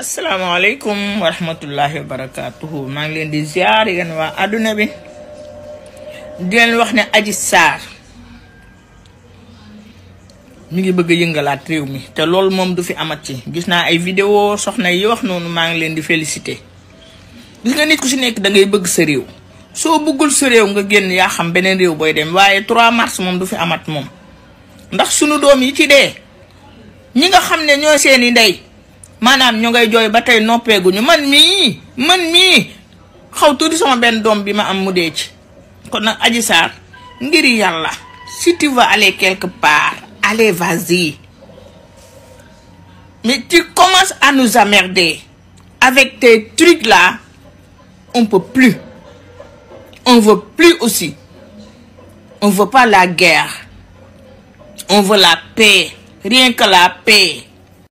Assalamualaikum warahmatullahi wabarakatuh. ma ngi len di ziar yeen wa aduna bi di len wax ne Adji sar mi ngi bëgg réew mi té lool mom du fi amat ci gis na ay vidéo soxna yi wax nonu ma ngi len di féliciter gis nga nit ku ci nekk da ngay bëgg sa réew so bëggul sa réew nga genn ya xam benen réew boy dem waye 3 mars mom du fi amat mom. ndax sunu doom yi ci dé ñi nga xam ñoo seeni ndey Manam ñu ngay joy ba tey noppeeguñu man mi man mi xaw tuuti sama ben dom bi ma am mudé ci kon nak aji sar ngir yalla si tu vas aller quelque part allez vas-y mais tu commences à nous emmerder avec tes trucs là on peut plus on veut plus aussi on veut pas la guerre on veut la paix rien que la paix